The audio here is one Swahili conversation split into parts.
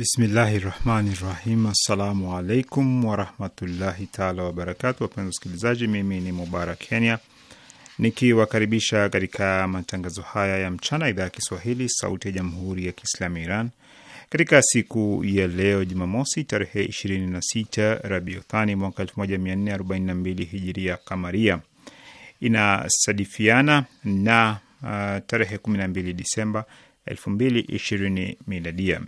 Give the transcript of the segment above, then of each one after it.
Bismillahi rahmani rahim. Assalamu alaikum warahmatullahi taala wabarakatu. Wapenzi wasikilizaji, mimi ni Mubarak Kenya nikiwakaribisha katika matangazo haya ya mchana, idhaa ya Kiswahili sauti ya jamhuri ya Kiislamu Iran katika siku ya leo Jumamosi tarehe 26 Rabiuthani mwaka 1442 hijiria kamaria, inasadifiana na uh, tarehe 12 Disemba 2020 miladia.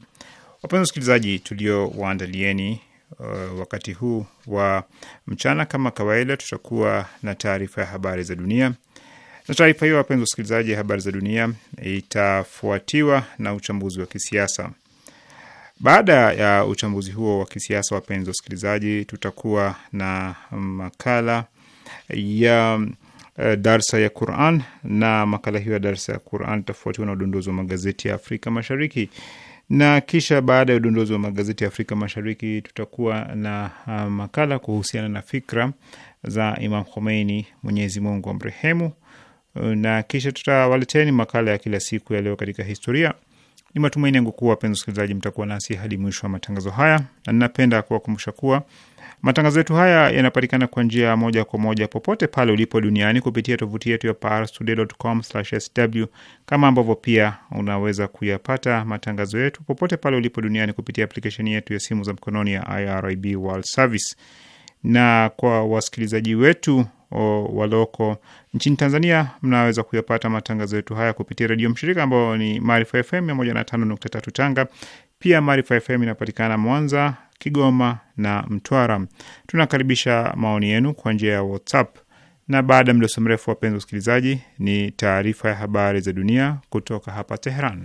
Wapenzi wasikilizaji, tuliowaandalieni uh, wakati huu wa mchana, kama kawaida, tutakuwa na taarifa ya habari za dunia na taarifa hiyo, wapenzi wasikilizaji, ya habari za dunia itafuatiwa na uchambuzi wa kisiasa. Baada ya uchambuzi huo wa kisiasa, wapenzi wasikilizaji, tutakuwa na makala ya eh, darsa ya Quran, na makala hiyo ya darsa ya Quran itafuatiwa na udondozi wa magazeti ya Afrika Mashariki na kisha baada ya udondozi wa magazeti ya Afrika Mashariki tutakuwa na uh, makala kuhusiana na fikra za Imam Khomeini, Mwenyezi Mungu amrehemu, na kisha tutawaleteni makala ya kila siku ya leo katika historia. Ni matumaini yangu kuwa wapenzi wasikilizaji, mtakuwa nasi hadi mwisho wa matangazo haya, na ninapenda kuwakumbusha kuwa Matangazo yetu haya yanapatikana kwa njia ya moja kwa moja popote pale ulipo duniani kupitia tovuti yetu ya parstoday.com/sw, kama ambavyo pia unaweza kuyapata matangazo yetu popote pale ulipo duniani kupitia aplikesheni yetu ya simu za mkononi ya IRIB World Service. Na kwa wasikilizaji wetu waloko nchini Tanzania, mnaweza kuyapata matangazo yetu haya kupitia redio mshirika ambao ni Maarifa FM 105.3 Tanga, pia Maarifa FM inapatikana Mwanza, Kigoma na Mtwara. Tunakaribisha maoni yenu kwa njia ya WhatsApp. Na baada ya mdoso mrefu, wapenzi wasikilizaji, ni taarifa ya habari za dunia kutoka hapa Teheran.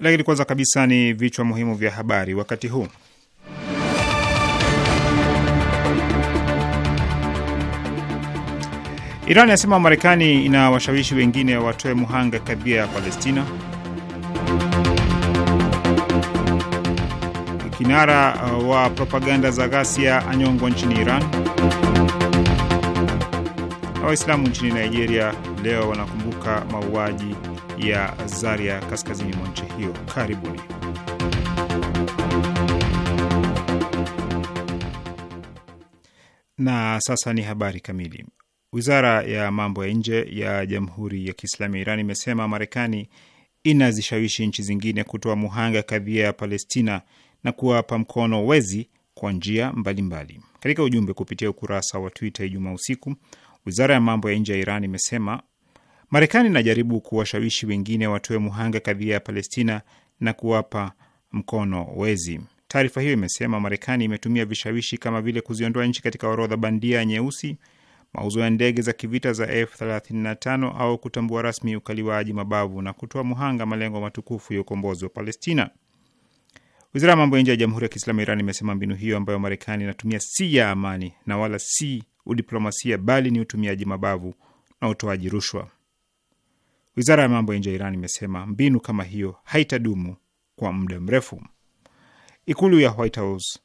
Lakini kwanza kabisa ni vichwa muhimu vya habari wakati huu. Iran yasema Marekani ina washawishi wengine watoe muhanga kadhia ya Palestina. Kinara uh, wa propaganda za ghasia anyongwa nchini Iran. Na Waislamu nchini Nigeria leo wanakumbuka mauaji ya Zaria kaskazini mwa nchi hiyo. Karibuni. Na sasa ni habari kamili. Wizara ya mambo ya nje ya Jamhuri ya Kiislamu ya Iran imesema Marekani inazishawishi nchi zingine kutoa muhanga kadhia ya Palestina na kuwapa mkono wezi kwa njia mbalimbali. Katika ujumbe kupitia ukurasa wa Twitter Ijumaa usiku, wizara ya mambo ya nje ya Iran imesema Marekani inajaribu kuwashawishi wengine watoe muhanga kadhia ya Palestina na kuwapa mkono wezi. Taarifa hiyo imesema Marekani imetumia vishawishi kama vile kuziondoa nchi katika orodha bandia nyeusi, mauzo ya ndege za kivita za F35 au kutambua rasmi ukaliwaji mabavu na kutoa muhanga malengo matukufu ya ukombozi wa Palestina. Wizara ya mambo ya nje ya Jamhuri ya Kiislamu Iran imesema mbinu hiyo ambayo Marekani inatumia si ya amani na wala si udiplomasia, bali ni utumiaji mabavu na utoaji rushwa. Wizara ya mambo ya nje ya Iran imesema mbinu kama hiyo haitadumu kwa muda mrefu. Ikulu ya White House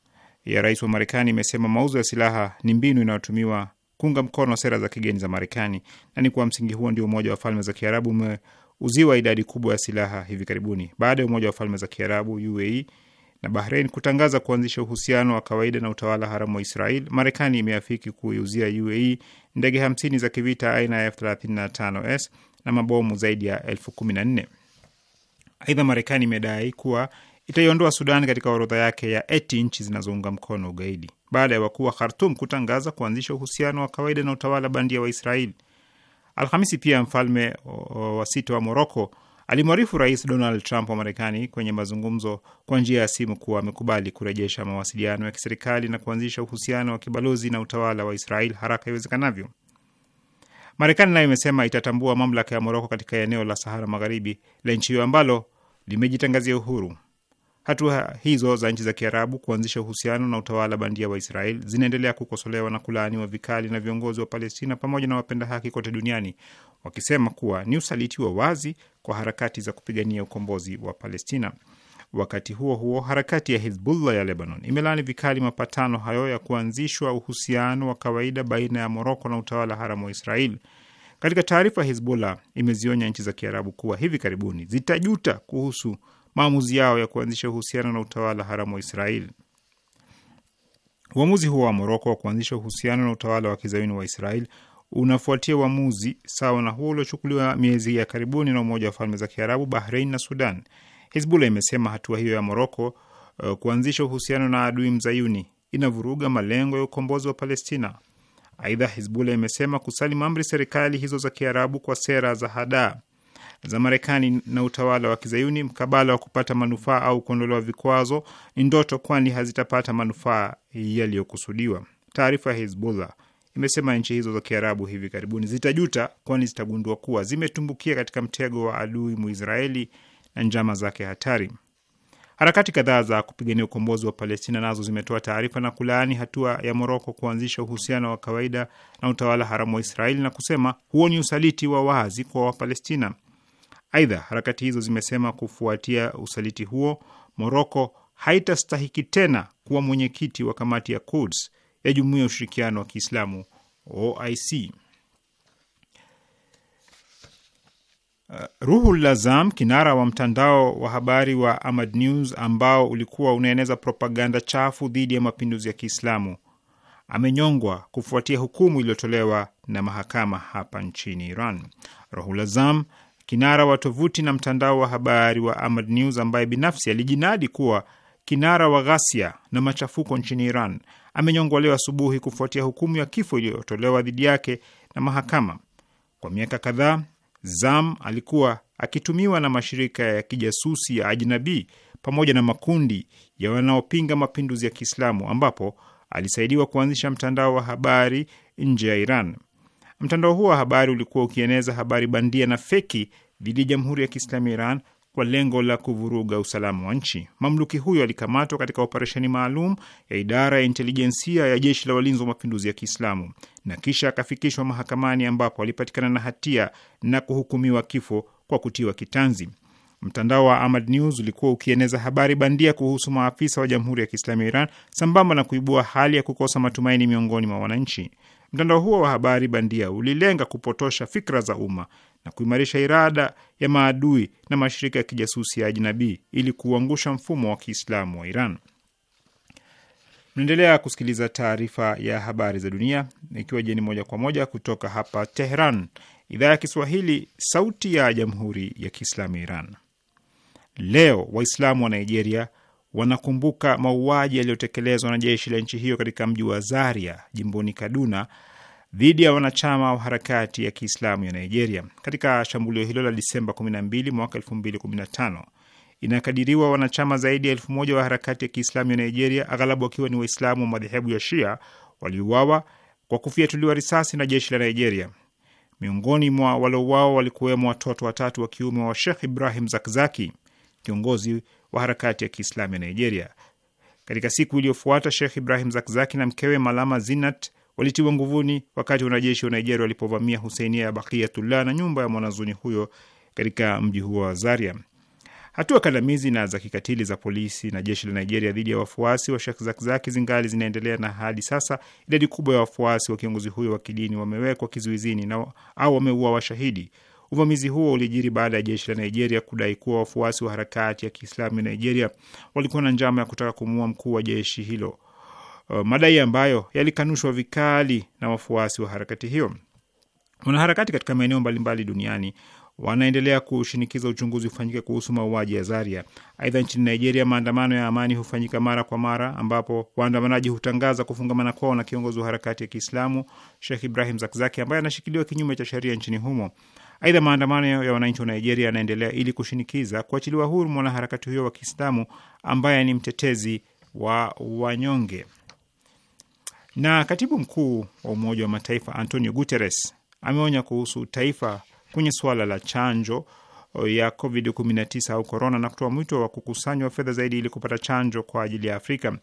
ya rais wa Marekani imesema mauzo ya silaha ni mbinu inayotumiwa kuunga mkono sera za kigeni za Marekani, na ni kwa msingi huo ndio Umoja wa Falme za Kiarabu umeuziwa idadi kubwa ya silaha hivi karibuni, baada ya Umoja wa Falme za Kiarabu UAE na Bahrain kutangaza kuanzisha uhusiano wa kawaida na utawala haramu wa Israel, Marekani imeafiki kuiuzia UAE ndege 50 za kivita aina ya F35s na mabomu zaidi ya elfu kumi na nne. Aidha, Marekani imedai kuwa itaiondoa Sudan katika orodha yake ya eti nchi zinazounga mkono ugaidi baada ya wakuu wa Khartum kutangaza kuanzisha uhusiano wa kawaida na utawala bandia wa Israeli Alhamisi. Pia mfalme wa sita wa Moroko alimwarifu Rais Donald Trump wa Marekani kwenye mazungumzo kwa njia ya simu kuwa amekubali kurejesha mawasiliano ya kiserikali na kuanzisha uhusiano wa kibalozi na utawala wa Israel haraka iwezekanavyo. Marekani nayo imesema itatambua mamlaka ya Moroko katika eneo la Sahara Magharibi la nchi hiyo ambalo limejitangazia uhuru. Hatua hizo za nchi za Kiarabu kuanzisha uhusiano na utawala bandia wa Israel zinaendelea kukosolewa na kulaaniwa vikali na viongozi wa Palestina pamoja na wapenda haki kote duniani, wakisema kuwa ni usaliti wa wazi kwa harakati za kupigania ukombozi wa Palestina. Wakati huo huo, harakati ya Hizbullah ya Lebanon imelani vikali mapatano hayo ya kuanzishwa uhusiano wa kawaida baina ya Moroko na utawala haramu wa Israel. Katika taarifa, Hizbullah imezionya nchi za Kiarabu kuwa hivi karibuni zitajuta kuhusu maamuzi yao ya kuanzisha uhusiano na utawala haramu wa Israel. Uamuzi huo wa Moroko wa kuanzisha uhusiano na utawala wa kizayuni wa Israel unafuatia uamuzi sawa na huo uliochukuliwa miezi ya karibuni na Umoja wa Falme za Kiarabu, Bahrein na Sudan. Hizbullah imesema hatua hiyo ya Moroko uh, kuanzisha uhusiano na adui mzayuni inavuruga malengo ya ukombozi wa Palestina. Aidha, Hizbullah imesema kusalimu amri serikali hizo za Kiarabu kwa sera za hadaa za Marekani na utawala wa kizayuni mkabala wa kupata manufaa au kuondolewa vikwazo ni ndoto, kwani hazitapata manufaa yaliyokusudiwa. Taarifa ya Hizbullah imesema nchi hizo za Kiarabu hivi karibuni zitajuta, kwani zitagundua kuwa zimetumbukia katika mtego wa adui Muisraeli na njama zake hatari. Harakati kadhaa za kupigania ukombozi wa Palestina nazo zimetoa taarifa na kulaani hatua ya Moroko kuanzisha uhusiano wa kawaida na utawala haramu wa Israeli na kusema huo ni usaliti wa wazi kwa Wapalestina. Aidha, harakati hizo zimesema kufuatia usaliti huo, Moroko haitastahiki tena kuwa mwenyekiti wa kamati ya Quds ya Jumuiya ya Ushirikiano wa Kiislamu, OIC. Uh, Ruhul Lazam, kinara wa mtandao wa habari wa Ahmad News ambao ulikuwa unaeneza propaganda chafu dhidi ya mapinduzi ya Kiislamu amenyongwa kufuatia hukumu iliyotolewa na mahakama hapa nchini Iran. Ruhul Lazam, kinara wa tovuti na mtandao wa habari wa Ahmad News ambaye binafsi alijinadi kuwa kinara wa ghasia na machafuko nchini Iran amenyongwa leo asubuhi kufuatia hukumu ya kifo iliyotolewa dhidi yake na mahakama. Kwa miaka kadhaa Zam alikuwa akitumiwa na mashirika ya kijasusi ya ajnabii pamoja na makundi ya wanaopinga mapinduzi ya Kiislamu ambapo alisaidiwa kuanzisha mtandao wa habari nje ya Iran. Mtandao huo wa habari ulikuwa ukieneza habari bandia na feki dhidi ya Jamhuri ya Kiislamu ya Iran kwa lengo la kuvuruga usalama wa nchi. Mamluki huyo alikamatwa katika operesheni maalum ya idara ya intelijensia ya jeshi la walinzi wa mapinduzi ya Kiislamu na kisha akafikishwa mahakamani ambapo alipatikana na hatia na kuhukumiwa kifo kwa kutiwa kitanzi. Mtandao wa Ahmad News ulikuwa ukieneza habari bandia kuhusu maafisa wa Jamhuri ya Kiislamu ya Iran sambamba na kuibua hali ya kukosa matumaini miongoni mwa wananchi. Mtandao huo wa habari bandia ulilenga kupotosha fikra za umma na kuimarisha irada ya maadui na mashirika ya kijasusi ya ajnabii ili kuangusha mfumo wa Kiislamu wa Iran. Mnaendelea kusikiliza taarifa ya habari za dunia, ikiwa jeni moja kwa moja kutoka hapa Tehran, idhaa ya Kiswahili, sauti ya jamhuri ya Kiislamu ya Iran. Leo Waislamu wa Nigeria wanakumbuka mauaji yaliyotekelezwa na jeshi la nchi hiyo katika mji wa Zaria jimboni Kaduna dhidi ya wanachama wa harakati ya Kiislamu ya Nigeria. Katika shambulio hilo la Disemba 12 mwaka 2015, inakadiriwa wanachama zaidi ya elfu moja wa harakati ya Kiislamu ya Nigeria, aghalabu wakiwa ni Waislamu wa madhehebu ya Shia, waliuawa kwa kufyatuliwa risasi na jeshi la Nigeria. Miongoni mwa waliouawa walikuwemo watoto watatu wa kiume wa shekh Ibrahim Zakzaki, kiongozi wa harakati ya Kiislamu ya Nigeria. Katika siku iliyofuata, Sheikh Ibrahim Zakzaki na mkewe Malama Zinat walitiwa nguvuni wakati wanajeshi wa Nigeria walipovamia Huseinia ya Bakiyatullah na nyumba ya mwanazuni huyo katika mji huo wa Zaria. Hatua kandamizi na za kikatili za polisi na jeshi la Nigeria dhidi ya wafuasi wa Sheikh Zakzaki zingali zinaendelea, na hadi sasa idadi kubwa ya wafuasi wa kiongozi huyo wa kidini wamewekwa kizuizini na au wameua washahidi. Uvamizi huo ulijiri baada ya jeshi la Nigeria kudai kuwa wafuasi wa harakati ya Kiislamu ya Nigeria walikuwa na njama ya kutaka kumuua mkuu wa jeshi hilo, uh, madai ambayo yalikanushwa vikali na wafuasi wa harakati hiyo. Wanaharakati katika maeneo mbalimbali duniani wanaendelea kushinikiza uchunguzi hufanyike kuhusu mauaji ya Zaria. Aidha, nchini Nigeria, maandamano ya amani hufanyika mara kwa mara, ambapo waandamanaji hutangaza kufungamana kwao na kiongozi wa harakati ya Kiislamu Sheikh Ibrahim Zakzaki ambaye anashikiliwa kinyume cha sheria nchini humo. Aidha, maandamano ya wananchi wa Nigeria yanaendelea ili kushinikiza kuachiliwa huru mwanaharakati huyo wa Kiislamu ambaye ni mtetezi wa wanyonge. Na katibu mkuu wa Umoja wa Mataifa Antonio Guterres ameonya kuhusu taifa kwenye suala la chanjo ya COVID-19 au korona na kutoa mwito wa kukusanywa fedha zaidi ili kupata chanjo kwa ajili ya Afrika.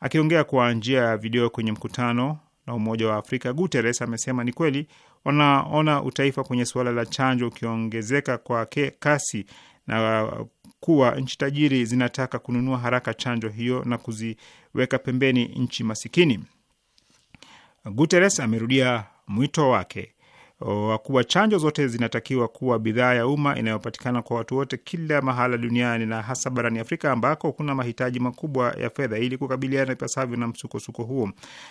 Akiongea kwa njia ya video kwenye mkutano na Umoja wa Afrika Guterres amesema ni kweli wanaona utaifa kwenye suala la chanjo ukiongezeka kwa kasi na kuwa nchi tajiri zinataka kununua haraka chanjo hiyo na kuziweka pembeni nchi masikini. Guterres amerudia mwito wake wa kuwa chanjo zote zinatakiwa kuwa bidhaa ya umma inayopatikana kwa watu wote kila mahala duniani na hasa barani Afrika ambako kuna mahitaji makubwa ya fedha ili kukabiliana ipasavyo na msukosuko huo.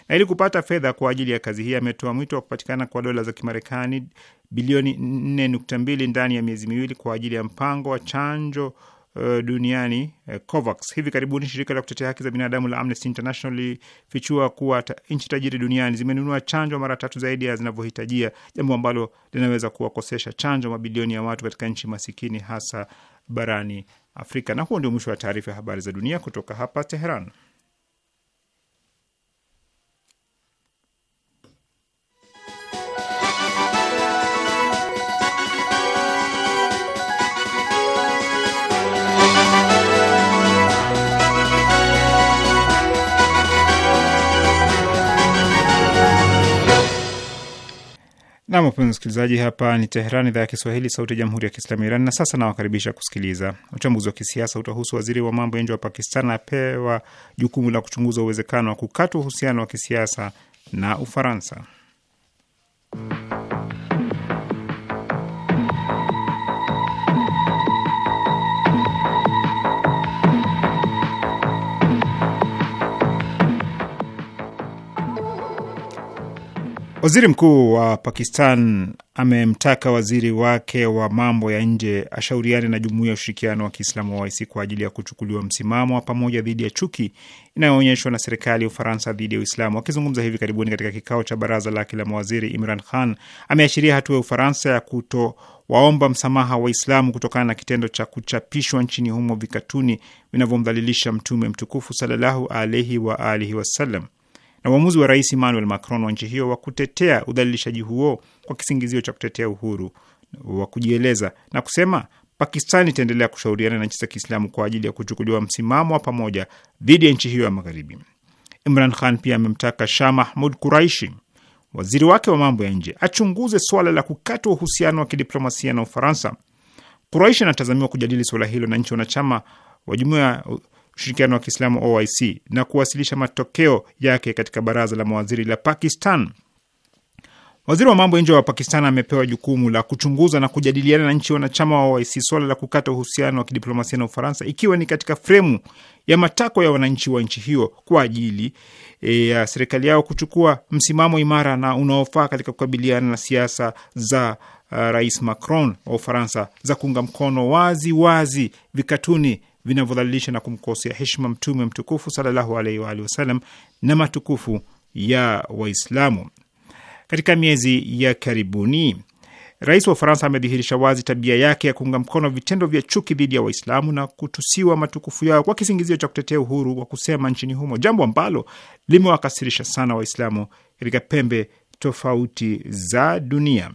Na ili kupata fedha kwa ajili ya kazi hii, ametoa mwito wa kupatikana kwa dola za Kimarekani bilioni 4.2 ndani ya miezi miwili kwa ajili ya mpango wa chanjo Eh, duniani eh, COVAX. Hivi karibuni shirika la kutetea haki za binadamu la Amnesty International lilifichua kuwa ta, nchi tajiri duniani zimenunua chanjo mara tatu zaidi ya zinavyohitajia, jambo ambalo linaweza kuwakosesha chanjo mabilioni ya watu katika nchi masikini hasa barani Afrika. Na huo ndio mwisho wa taarifa ya habari za dunia kutoka hapa Teheran. Nam, wapenzi msikilizaji, hapa ni Teherani, idhaa ya Kiswahili, sauti ya jamhuri ya kiislamu ya Iran. Na sasa nawakaribisha kusikiliza uchambuzi wa kisiasa. Utahusu waziri wa mambo ya nje wa Pakistan apewa jukumu la kuchunguza uwezekano wa kukatwa uhusiano wa kisiasa na Ufaransa. Waziri mkuu wa Pakistan amemtaka waziri wake wa mambo ya nje ashauriane na jumuiya ya ushirikiano wa Kiislamu wa OIC kwa ajili ya kuchukuliwa msimamo wa pamoja dhidi ya chuki inayoonyeshwa na serikali ya Ufaransa dhidi ya Uislamu. Akizungumza hivi karibuni katika kikao cha baraza lake la mawaziri, Imran Khan ameashiria hatua ya Ufaransa ya kutowaomba msamaha Waislamu kutokana na kitendo cha kuchapishwa nchini humo vikatuni vinavyomdhalilisha Mtume mtukufu sallallahu alaihi wa alihi wasallam na uamuzi wa Rais Emmanuel Macron wa nchi hiyo wa kutetea udhalilishaji huo kwa kisingizio cha kutetea uhuru wa kujieleza na kusema Pakistan itaendelea kushauriana na nchi za Kiislamu kwa ajili ya kuchukuliwa msimamo wa pamoja dhidi ya nchi hiyo ya Magharibi. Imran Khan pia amemtaka Shah Mahmud Kuraishi, waziri wake wa mambo ya nje, achunguze swala la kukatwa uhusiano wa kidiplomasia na Ufaransa. Kuraishi anatazamiwa kujadili suala hilo na nchi wanachama wa jumuiya ushirikiano wa Kiislamu OIC na kuwasilisha matokeo yake katika baraza la mawaziri la Pakistan. Waziri wa mambo ya nje wa Pakistan amepewa jukumu la kuchunguza na kujadiliana na nchi wanachama wa OIC swala la kukata uhusiano wa kidiplomasia na Ufaransa, ikiwa ni katika fremu ya matakwa ya wananchi wa nchi hiyo kwa ajili e, ya e, serikali yao kuchukua msimamo imara na unaofaa katika kukabiliana na siasa za uh, Rais Macron wa Ufaransa za kuunga mkono wazi wazi vikatuni vinavyodhalilisha na kumkosea heshima Mtume mtukufu sallallahu alaihi wa alihi wasallam na matukufu ya Waislamu. Katika miezi ya karibuni, rais wa Ufaransa amedhihirisha wazi tabia yake ya kuunga mkono vitendo vya chuki dhidi ya Waislamu na kutusiwa matukufu yao kwa kisingizio cha kutetea uhuru wa kusema nchini humo, jambo ambalo limewakasirisha sana Waislamu katika pembe tofauti za dunia.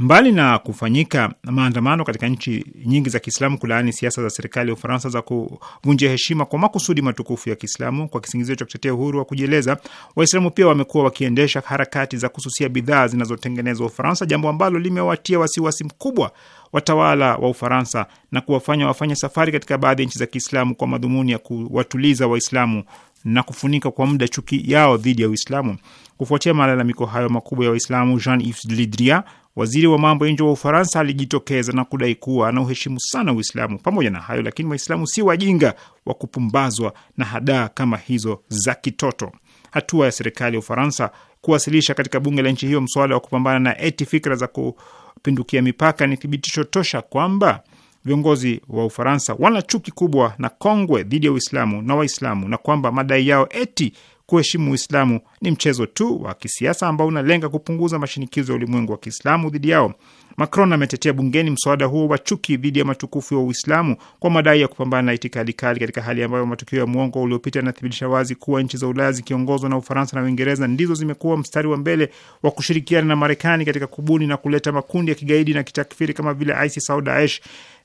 Mbali na kufanyika maandamano katika nchi nyingi za Kiislamu kulaani siasa za serikali ya Ufaransa za kuvunjia heshima kwa makusudi matukufu ya Kiislamu kwa kisingizio cha kutetea uhuru wa kujieleza, Waislamu pia wamekuwa wakiendesha harakati za kususia bidhaa zinazotengenezwa Ufaransa, jambo ambalo limewatia wasiwasi mkubwa watawala wa Ufaransa na kuwafanya wafanya safari katika baadhi ya nchi za Kiislamu kwa madhumuni ya kuwatuliza Waislamu na kufunika kwa muda chuki yao dhidi ya Uislamu. Kufuatia malalamiko hayo makubwa ya Waislamu, Jean Yves Le Drian waziri wa mambo ya nje wa Ufaransa alijitokeza na kudai kuwa anauheshimu sana Uislamu. Pamoja na hayo lakini, Waislamu si wajinga wa kupumbazwa na hadaa kama hizo za kitoto. Hatua ya serikali ya Ufaransa kuwasilisha katika bunge la nchi hiyo mswada wa kupambana na eti fikra za kupindukia mipaka ni thibitisho tosha kwamba viongozi wa Ufaransa wana chuki kubwa na kongwe dhidi ya Uislamu na Waislamu na kwamba madai yao eti kuheshimu Uislamu ni mchezo tu wa kisiasa ambao unalenga kupunguza mashinikizo ya ulimwengu wa Kiislamu dhidi yao. Macron ametetea bungeni mswada huo wa chuki dhidi ya matukufu ya Uislamu kwa madai ya kupambana na itikadi kali, katika hali ambayo matukio ya mwongo uliopita yanathibitisha wazi kuwa nchi za Ulaya zikiongozwa na Ufaransa na Uingereza ndizo zimekuwa mstari wa mbele wa kushirikiana na Marekani katika kubuni na kuleta makundi ya kigaidi na kitakfiri kama vile ISIS au Daesh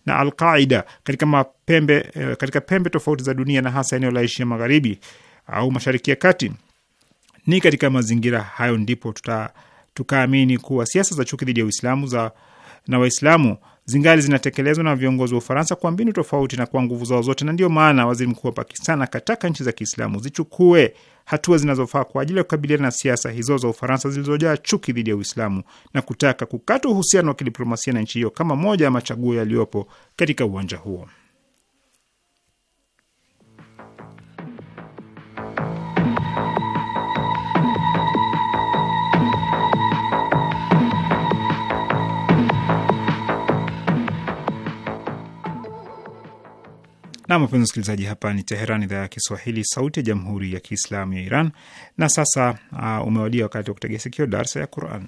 na Alqaida katika mapembe, eh, katika pembe tofauti za dunia na hasa eneo la Asia Magharibi au Mashariki ya Kati. Ni katika mazingira hayo ndipo tuta tukaamini kuwa siasa za chuki dhidi ya Uislamu za na Waislamu zingali zinatekelezwa na viongozi wa Ufaransa kwa mbinu tofauti na kwa nguvu zao zote, na ndiyo maana waziri mkuu wa Pakistan akataka nchi za Kiislamu zichukue hatua zinazofaa kwa ajili ya kukabiliana na siasa hizo za Ufaransa zilizojaa chuki dhidi ya Uislamu na kutaka kukata uhusiano wa kidiplomasia na nchi hiyo kama moja ya machaguo yaliyopo katika uwanja huo. Nam, wapenzi msikilizaji, hapa ni Teheran, idhaa ya Kiswahili, sauti ya jamhuri ya kiislamu ya Iran. Na sasa uh, umewadia wakati wa kutegea sikio darsa ya Quran.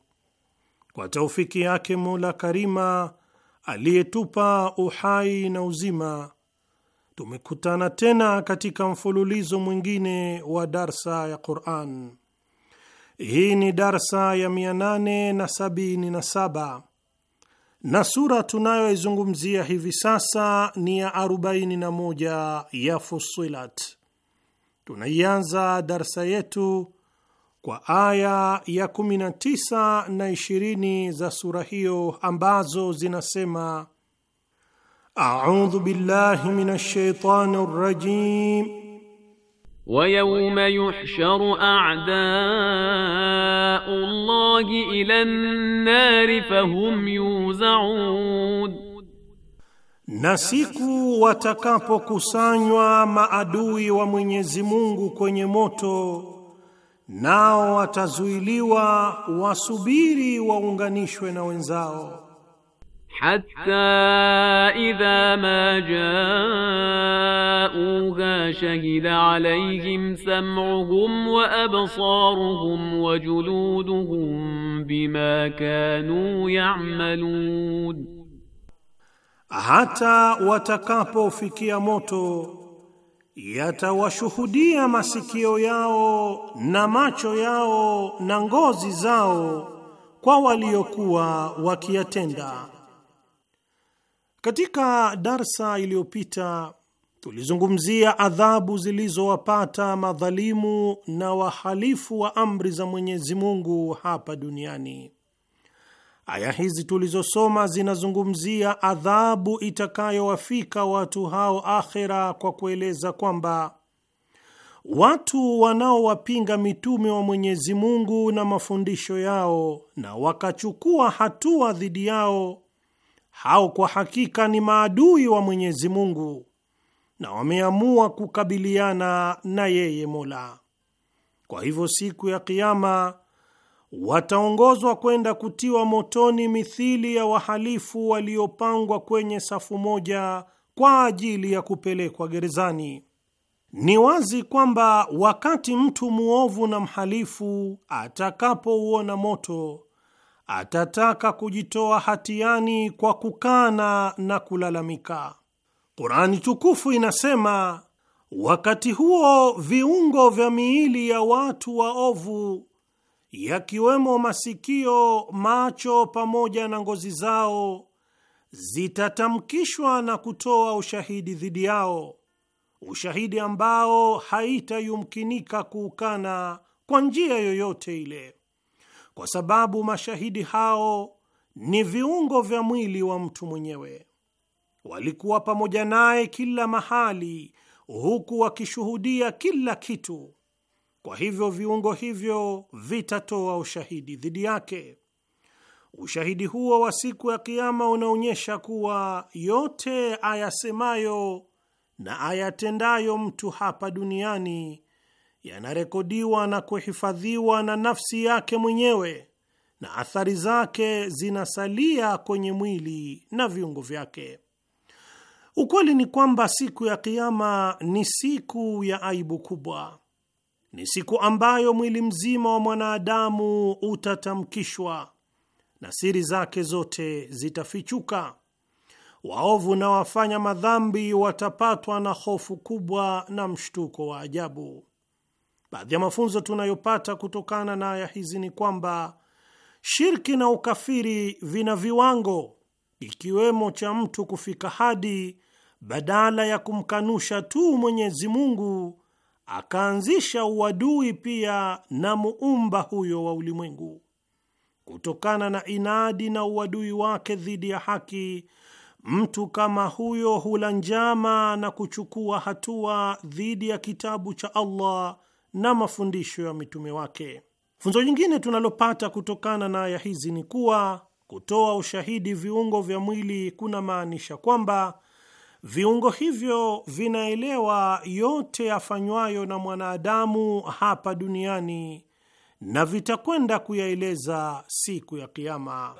kwa taufiki yake Mola Karima aliyetupa uhai na uzima, tumekutana tena katika mfululizo mwingine wa darsa ya Quran. Hii ni darsa ya 877 na sura tunayoizungumzia hivi sasa ni ya 41 ya Fusilat. Tunaianza darsa yetu kwa aya ya 19 na 20 za sura hiyo ambazo zinasema: audhu billahi minash shaitani rrajim wa yawma yuhsharu a'da'u Allahi ila an-nari fahum yuzaun, na siku watakapokusanywa maadui wa Mwenyezi Mungu kwenye moto nao watazuiliwa wasubiri waunganishwe na wenzao. Hatta idha ma jauha shahida alayhim sam'uhum wa absaruhum wa juluduhum bima kanu ya'malun, hata watakapofikia moto yatawashuhudia masikio yao na macho yao na ngozi zao kwa waliokuwa wakiyatenda. Katika darsa iliyopita tulizungumzia adhabu zilizowapata madhalimu na wahalifu wa amri za Mwenyezi Mungu hapa duniani. Aya hizi tulizosoma zinazungumzia adhabu itakayowafika watu hao akhera, kwa kueleza kwamba watu wanaowapinga mitume wa Mwenyezi Mungu na mafundisho yao na wakachukua hatua dhidi yao, hao kwa hakika ni maadui wa Mwenyezi Mungu na wameamua kukabiliana na yeye Mola. Kwa hivyo siku ya Kiama wataongozwa kwenda kutiwa motoni mithili ya wahalifu waliopangwa kwenye safu moja kwa ajili ya kupelekwa gerezani. Ni wazi kwamba wakati mtu mwovu na mhalifu atakapouona moto atataka kujitoa hatiani kwa kukana na kulalamika. Qurani tukufu inasema, wakati huo viungo vya miili ya watu waovu yakiwemo masikio, macho pamoja na ngozi zao zitatamkishwa na kutoa ushahidi dhidi yao, ushahidi ambao haitayumkinika kuukana kwa njia yoyote ile, kwa sababu mashahidi hao ni viungo vya mwili wa mtu mwenyewe. Walikuwa pamoja naye kila mahali, huku wakishuhudia kila kitu kwa hivyo viungo hivyo vitatoa ushahidi dhidi yake. Ushahidi huo wa siku ya Kiama unaonyesha kuwa yote ayasemayo na ayatendayo mtu hapa duniani yanarekodiwa na kuhifadhiwa na nafsi yake mwenyewe na athari zake zinasalia kwenye mwili na viungo vyake. Ukweli ni kwamba siku ya Kiama ni siku ya aibu kubwa ni siku ambayo mwili mzima wa mwanadamu utatamkishwa na siri zake zote zitafichuka. Waovu na wafanya madhambi watapatwa na hofu kubwa na mshtuko wa ajabu. Baadhi ya mafunzo tunayopata kutokana na aya hizi ni kwamba shirki na ukafiri vina viwango, ikiwemo cha mtu kufika hadi badala ya kumkanusha tu Mwenyezi Mungu akaanzisha uadui pia na muumba huyo wa ulimwengu. Kutokana na inadi na uadui wake dhidi ya haki, mtu kama huyo hula njama na kuchukua hatua dhidi ya kitabu cha Allah na mafundisho ya mitume wake. Funzo jingine tunalopata kutokana na aya hizi ni kuwa kutoa ushahidi viungo vya mwili kuna maanisha kwamba Viungo hivyo vinaelewa yote yafanywayo na mwanadamu hapa duniani na vitakwenda kuyaeleza siku ya kiama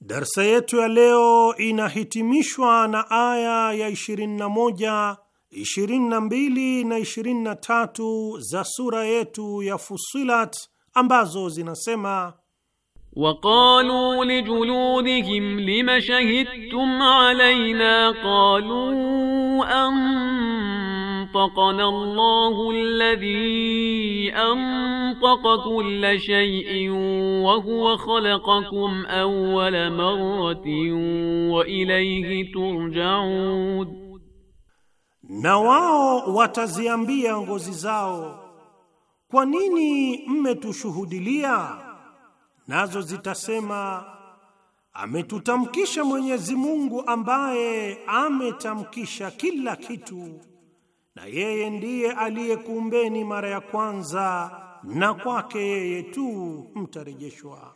Darsa yetu ya leo inahitimishwa na aya ya 21 22 na 23 za sura yetu ya Fusilat ambazo zinasema وقالوا لجلودهم لم شهدتم علينا قالوا أنطقنا الله الذي أنطق كل شيء وهو خلقكم أول مرة وإليه ترجعون na wao wataziambia ngozi zao, kwa nini mmetushuhudilia? Nazo zitasema ametutamkisha Mwenyezi Mungu ambaye ametamkisha kila kitu, na yeye ndiye aliyekuumbeni mara ya kwanza, na kwake yeye tu mtarejeshwa.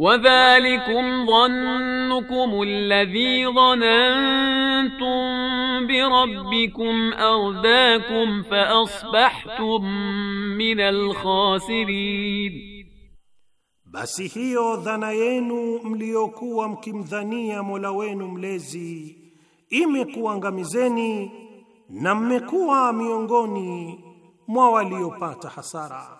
وذلكم ظنكم الذي ظننتم بربكم أرداكم فأصبحتم من الخاسرين Basi hiyo dhana yenu mliyokuwa mkimdhania Mola wenu mlezi imekuangamizeni na mmekuwa miongoni mwa waliopata hasara.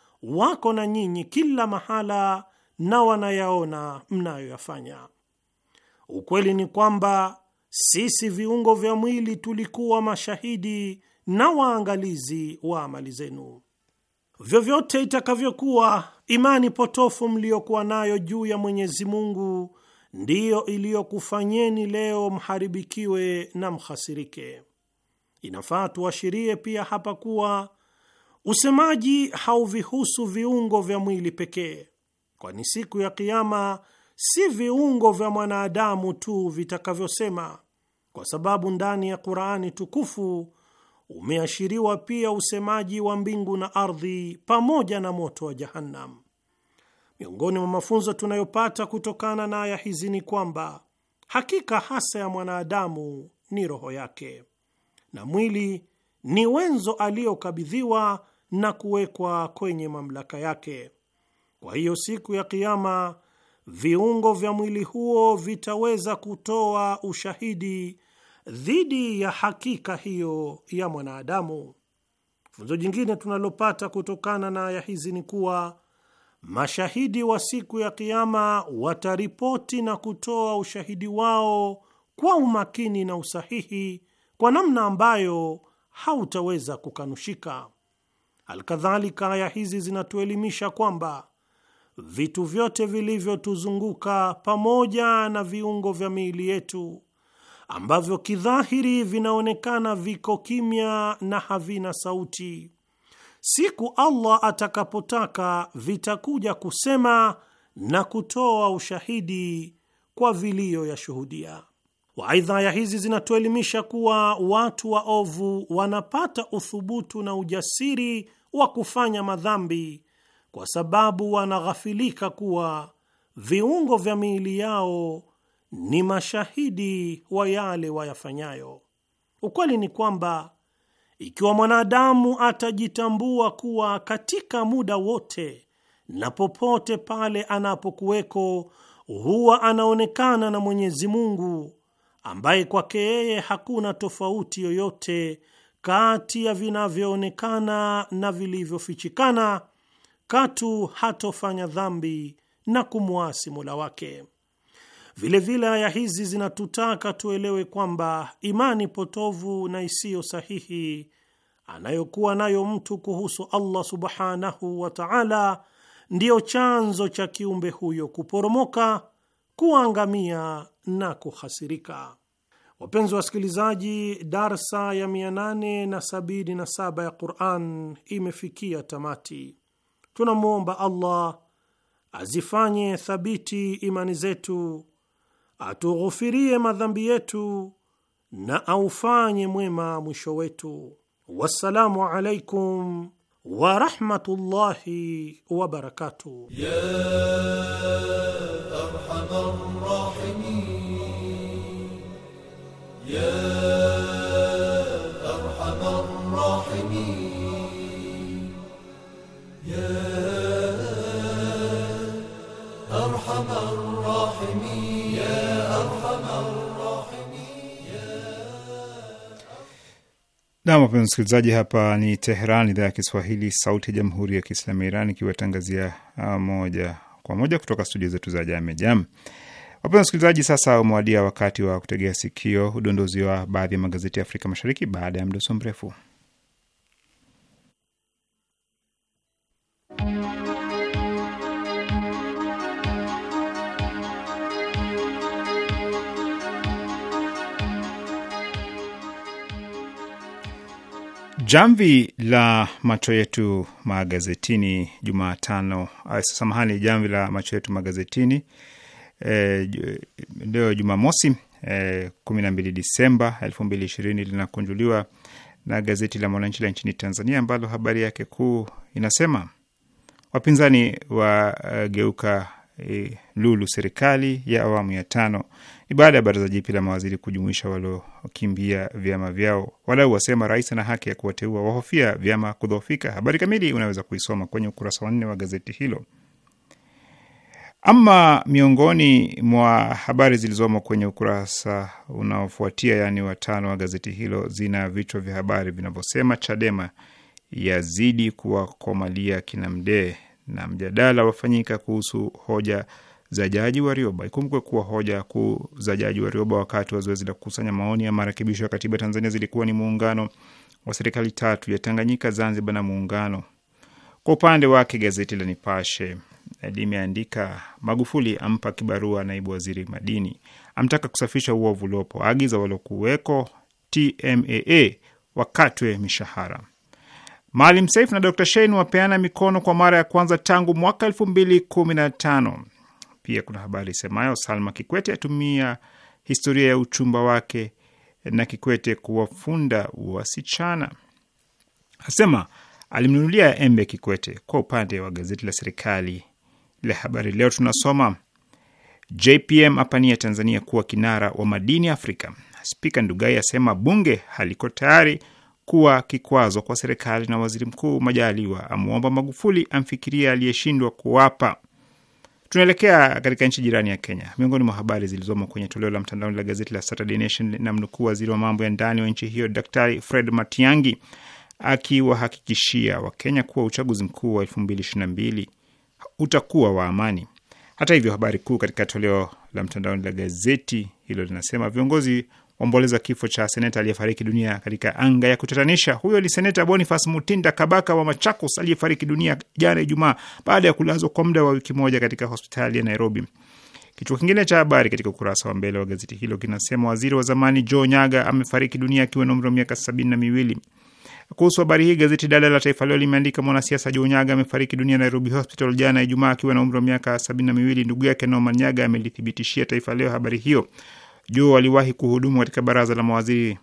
wako na nyinyi kila mahala na wanayaona mnayoyafanya. Ukweli ni kwamba sisi viungo vya mwili tulikuwa mashahidi na waangalizi wa amali zenu. Vyovyote itakavyokuwa imani potofu mliyokuwa nayo juu ya Mwenyezi Mungu ndiyo iliyokufanyeni leo mharibikiwe na mhasirike. Inafaa tuashirie pia hapa kuwa Usemaji hauvihusu viungo vya mwili pekee, kwani siku ya Kiama si viungo vya mwanadamu tu vitakavyosema, kwa sababu ndani ya Qur'ani tukufu umeashiriwa pia usemaji wa mbingu na ardhi pamoja na moto wa Jahannam. Miongoni mwa mafunzo tunayopata kutokana na aya hizi ni kwamba hakika hasa ya mwanadamu ni roho yake na mwili ni wenzo aliyokabidhiwa na kuwekwa kwenye mamlaka yake. Kwa hiyo siku ya Kiama viungo vya mwili huo vitaweza kutoa ushahidi dhidi ya hakika hiyo ya mwanadamu. Funzo jingine tunalopata kutokana na aya hizi ni kuwa mashahidi wa siku ya Kiama wataripoti na kutoa ushahidi wao kwa umakini na usahihi, kwa namna ambayo hautaweza kukanushika. Alkadhalika, aya hizi zinatuelimisha kwamba vitu vyote vilivyotuzunguka pamoja na viungo vya miili yetu ambavyo kidhahiri vinaonekana viko kimya na havina sauti, siku Allah atakapotaka vitakuja kusema na kutoa ushahidi kwa vilio ya shuhudia. Waaidha, aya hizi zinatuelimisha kuwa watu waovu wanapata uthubutu na ujasiri wa kufanya madhambi kwa sababu wanaghafilika kuwa viungo vya miili yao ni mashahidi wa yale wayafanyayo. Ukweli ni kwamba ikiwa mwanadamu atajitambua kuwa katika muda wote na popote pale anapokuweko huwa anaonekana na Mwenyezi Mungu ambaye kwake yeye hakuna tofauti yoyote kati ya vinavyoonekana na vilivyofichikana, katu hatofanya dhambi na kumwasi Mola wake. Vilevile aya hizi zinatutaka tuelewe kwamba imani potovu na isiyo sahihi anayokuwa nayo mtu kuhusu Allah subhanahu wa ta'ala ndiyo chanzo cha kiumbe huyo kuporomoka, kuangamia na kuhasirika. Wapenzi wasikilizaji, darsa ya 877 ya Quran imefikia tamati. Tunamwomba Allah azifanye thabiti imani zetu, atughufirie madhambi yetu na aufanye mwema mwisho wetu. Wassalamu alaikum wa rahmatullahi wa barakatuh. Nam, wapenzi msikilizaji, hapa ni Teheran, idhaa ya Kiswahili, sauti ya jamhuri ya kiislamu ya Iran, ikiwatangazia ah, moja kwa moja kutoka studio zetu za Jame Jam. Wapenzi wasikilizaji, sasa umewadia wakati wa kutegea sikio udondozi wa baadhi ya magazeti ya Afrika Mashariki baada ya mdoso mrefu. Jamvi la macho yetu magazetini Jumatano, samahani, jamvi la macho yetu magazetini e, leo Jumamosi e, eh, 12 Disemba 2020 linakunjuliwa na gazeti la Mwananchi la nchini Tanzania ambalo habari yake kuu inasema wapinzani eh, geuka e, lulu serikali ya awamu ya tano. Ni baada ya baraza jipya la mawaziri kujumuisha waliokimbia vyama vyao. walau wasema rais ana haki ya kuwateua, wahofia vyama kudhoofika. Habari kamili unaweza kuisoma kwenye ukurasa wa nne wa gazeti hilo. Ama miongoni mwa habari zilizomo kwenye ukurasa unaofuatia yaani watano wa gazeti hilo zina vichwa vya habari vinavyosema Chadema yazidi kuwakomalia kina Mdee na mjadala wafanyika kuhusu hoja za Jaji Warioba. Ikumbukwe kuwa hoja kuu za Jaji Warioba wakati wa zoezi la kukusanya maoni ya marekebisho ya katiba Tanzania zilikuwa ni muungano wa serikali tatu ya Tanganyika, Zanzibar na muungano. Kwa upande wake gazeti la Nipashe limeandika Magufuli ampa kibarua naibu waziri madini, amtaka kusafisha uovu uliopo, agiza waliokuweko TMAA wakatwe mishahara. Maalim Seif na Dr Shein wapeana mikono kwa mara ya kwanza tangu mwaka elfu mbili kumi na tano. Pia kuna habari isemayo Salma Kikwete atumia historia ya uchumba wake na Kikwete kuwafunda wasichana, asema alimnunulia embe Kikwete. Kwa upande wa gazeti la serikali la Habari Leo tunasoma JPM apania Tanzania kuwa kinara wa madini Afrika. Spika Ndugai asema bunge haliko tayari kuwa kikwazo kwa serikali, na waziri mkuu Majaliwa amwomba Magufuli amfikiria aliyeshindwa kuwapa. Tunaelekea katika nchi jirani ya Kenya. Miongoni mwa habari zilizomo kwenye toleo la mtandaoni la gazeti la Saturday Nation na mnukuu waziri wa mambo ya ndani wa nchi hiyo Daktari Fred Matiang'i akiwahakikishia Wakenya kuwa uchaguzi mkuu wa 2022 utakuwa wa amani. Hata hivyo, habari kuu katika toleo la mtandaoni la gazeti hilo linasema viongozi waomboleza kifo cha seneta aliyefariki dunia katika anga ya kutatanisha. Huyo ni seneta Boniface Mutinda Kabaka wa Machakos aliyefariki dunia jana Ijumaa baada ya kulazwa kwa muda wa wiki moja katika hospitali ya Nairobi. Kichwa kingine cha habari katika ukurasa wa mbele wa gazeti hilo kinasema waziri wa zamani Joe Nyaga amefariki dunia akiwa na umri wa miaka sabini na miwili. Kuhusu habari hii, gazeti dada la Taifa Leo limeandika mwanasiasa juu Nyaga amefariki dunia Nairobi Hospital jana Ijumaa akiwa na umri wa miaka sabini na miwili. Ndugu yake Norman Nyaga amelithibitishia Taifa Leo habari hiyo. juu aliwahi kuhudumu katika baraza la mawaziri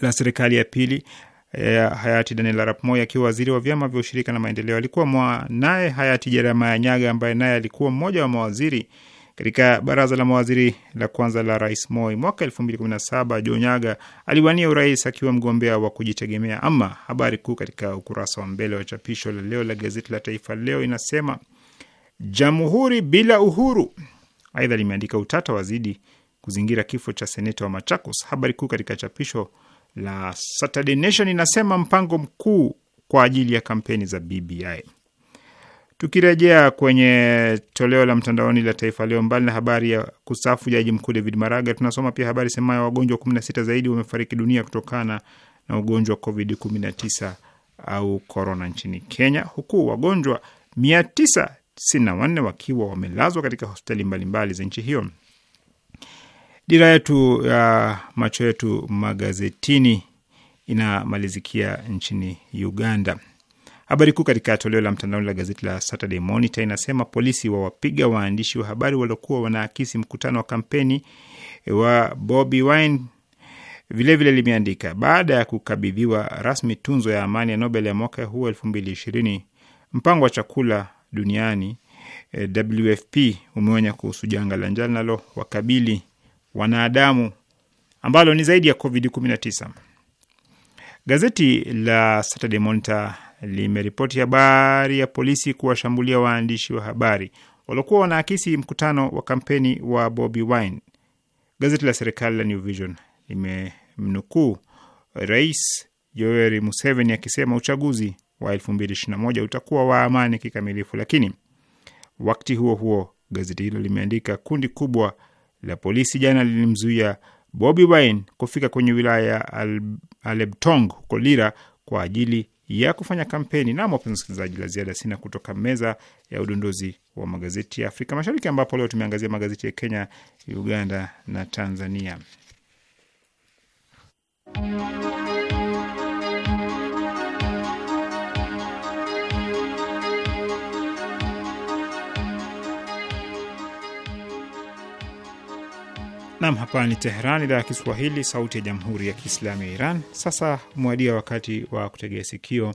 la serikali ya pili ya eh, hayati Daniel Arap Moi akiwa waziri wa vyama vya ushirika na maendeleo. Alikuwa mwanaye hayati Jeremiah Nyaga ambaye naye alikuwa mmoja wa mawaziri katika baraza la mawaziri la kwanza la rais Moi mwaka 2017 Jonyaga aliwania urais akiwa mgombea wa kujitegemea. Ama habari kuu katika ukurasa wa mbele wa chapisho la leo la gazeti la Taifa Leo inasema jamhuri bila uhuru. Aidha limeandika utata wazidi kuzingira kifo cha seneta wa Machakos. Habari kuu katika chapisho la Saturday Nation inasema mpango mkuu kwa ajili ya kampeni za BBI. Tukirejea kwenye toleo la mtandaoni la Taifa Leo, mbali na habari ya kusafu jaji mkuu David Maraga, tunasoma pia habari ya wagonjwa 16 zaidi wamefariki dunia kutokana na ugonjwa wa COVID-19 au korona nchini Kenya, huku wagonjwa 994 wakiwa wamelazwa katika hospitali mbalimbali za nchi hiyo. Dira yetu ya uh, macho yetu magazetini inamalizikia nchini Uganda. Habari kuu katika toleo la mtandaoni la gazeti la Saturday Monitor inasema polisi wawapiga waandishi wa habari waliokuwa wanaakisi mkutano wa kampeni wa Bobi Wine. Vilevile limeandika baada ya kukabidhiwa rasmi tunzo ya amani ya Nobel ya mwaka huu elfu mbili ishirini, mpango wa chakula duniani eh, WFP umeonya kuhusu janga la njaa linalo wakabili wanadamu ambalo ni zaidi ya COVID-19. Gazeti la Saturday Monitor limeripoti habari ya polisi kuwashambulia waandishi wa habari waliokuwa wanaakisi mkutano wa kampeni wa Bobi Wine. Gazeti la serikali la New Vision limemnukuu Rais Yoweri Museveni akisema uchaguzi wa 2021 utakuwa wa amani kikamilifu, lakini wakati huo huo gazeti hilo limeandika kundi kubwa la polisi jana lilimzuia Bobi Wine kufika kwenye wilaya ya Alebtong huko Lira kwa ajili ya kufanya kampeni. Na wapenzi wasikilizaji, la ziada sina kutoka meza ya udondozi wa magazeti ya Afrika Mashariki, ambapo leo tumeangazia magazeti ya Kenya, Uganda na Tanzania. Nam, hapa ni Teheran, idhaa ya Kiswahili, sauti ya jamhuri ya kiislamu ya Iran. Sasa mwadia wakati wa kutegea sikio